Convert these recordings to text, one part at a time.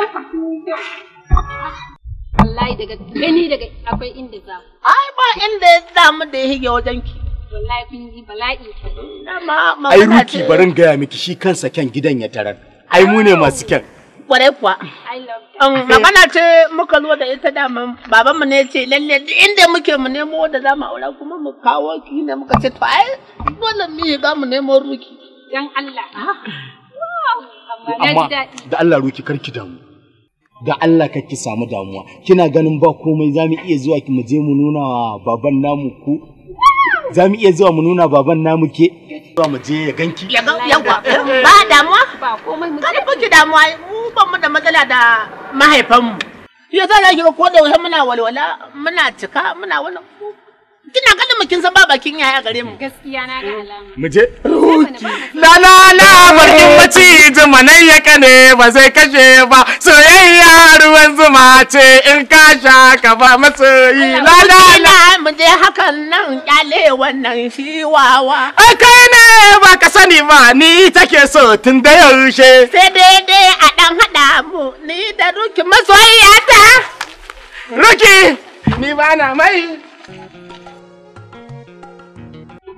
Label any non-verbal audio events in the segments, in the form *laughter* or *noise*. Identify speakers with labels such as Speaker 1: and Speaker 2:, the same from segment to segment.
Speaker 1: Wallahi daga gani daga akwai inda za ku. Ai ba inda ya samu da ya hige wajen ki. Wallahi kun yi bala'i. Ai ruki barin gaya miki shi kansa kyan gidan ya tarar. Ai mu ne masu kyan. Kwarai kuwa. Um, magana ce muka zo da ita da babanmu ne ce lalle inda muke mu nemo da za mu aura kuma mu kawo ki ne muka ce to ai dole mu ga mu nemo ruki. Dan Allah. Ah. amma da Allah roki karki damu da Allah kake samu damuwa kina ganin ba komai zamu iya zuwa ki mu je mu nuna wa baban namu ku zamu iya zuwa mu nuna baban namu ke zuwa mu je ya ganki ya ga yawa ba damuwa ba komai mu kada kuke damuwa mu ban mu da matsala da mahaifan mu ya za ki ga ko da wai muna walwala muna cika muna wannan kina ganin mu kin san ba bakin yaya gare mu gaskiya na ga alama mu je la la la barkin *laughs* maci zuma nan ya kane ba sai kashe ba soyayya ruwan zuma ce in ka sha ka ba yi la la la mu je hakan nan kyale wannan shi wawa kai ne ba ka sani ba ni take so tun da yaushe sai dai dai a dan hada mu ni da ruki masoyiyata ruki ni ba na mai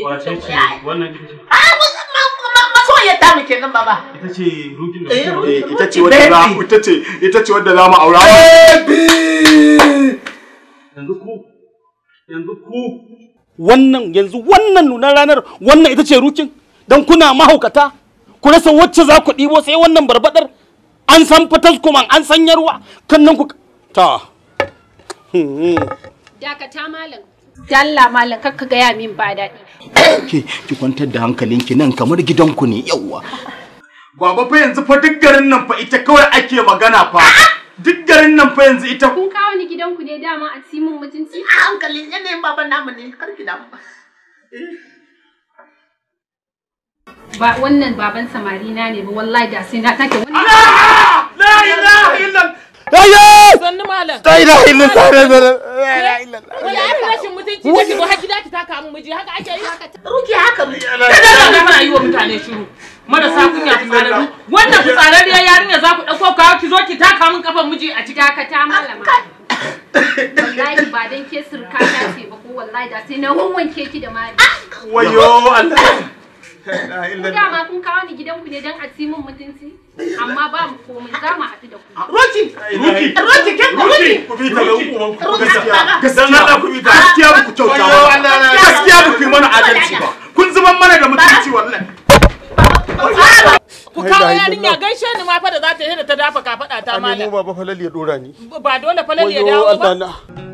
Speaker 1: Wace ce wannan ita ce? Ah, ta eh, eh, wadda za mu aura. wannan yanzu wannan nunar ranar wannan ita ce rukin don kuna mahaukata ku rasa wacce za ku ɗibo sai wannan barbadar an san fatas kuma an san yarwa kan nan ku ta dakata malam Dalla malam kakka gaya min ba daɗi. Ki ki kwantar da hankalinki nan kamar gidanku ne yawwa. Baba fa yanzu fa duk garin nan fa ita kawai ake magana fa. Duk garin nan fa yanzu ita. Kun kawo ni gidanku ne dama a mun mutunci. A hankali yanayin baban namu ne kar ki Ba wannan baban samari na ne ba wallahi da sai na take wannan. La ilaha illallah. malam. La ilaha illallah. La eh, ilaha illallah. Wala aka rashin mutunci ta shigo har gida taka mu miji haka ake yi haka. Ruki haka. Kada ga muna yi wa mutane shiru. Marasa kunya fitsararru. Wannan fitsararriyar yarinya za ku ɗauko kawo ki zo ki taka min kafan miji a ciki haka ta malama. wallahi ba dan ke surka ta ce ba ko wallahi da sai na wanwanke ki da mari wayo Allah dama kun kawo ni gidanku ne don a ci mun mutunci amma ba mu komai za mu haɗu da ku. Roti! Roti! Roti! Roti! Ku bi ta lauku ban ku gaskiya. Gaskiya na ku bi ta. Gaskiya ku kyauta Gaskiya ku yi mana adalci ba. Kun zuban mana da mutunci wallahi.
Speaker 2: Ku kawo yarinya
Speaker 1: gaishe ni ma fa da za ta yi da ta dafa kafaɗa ta malam. Ani mu ba falali ya dora ni. Ba dole falali ya dawo ba.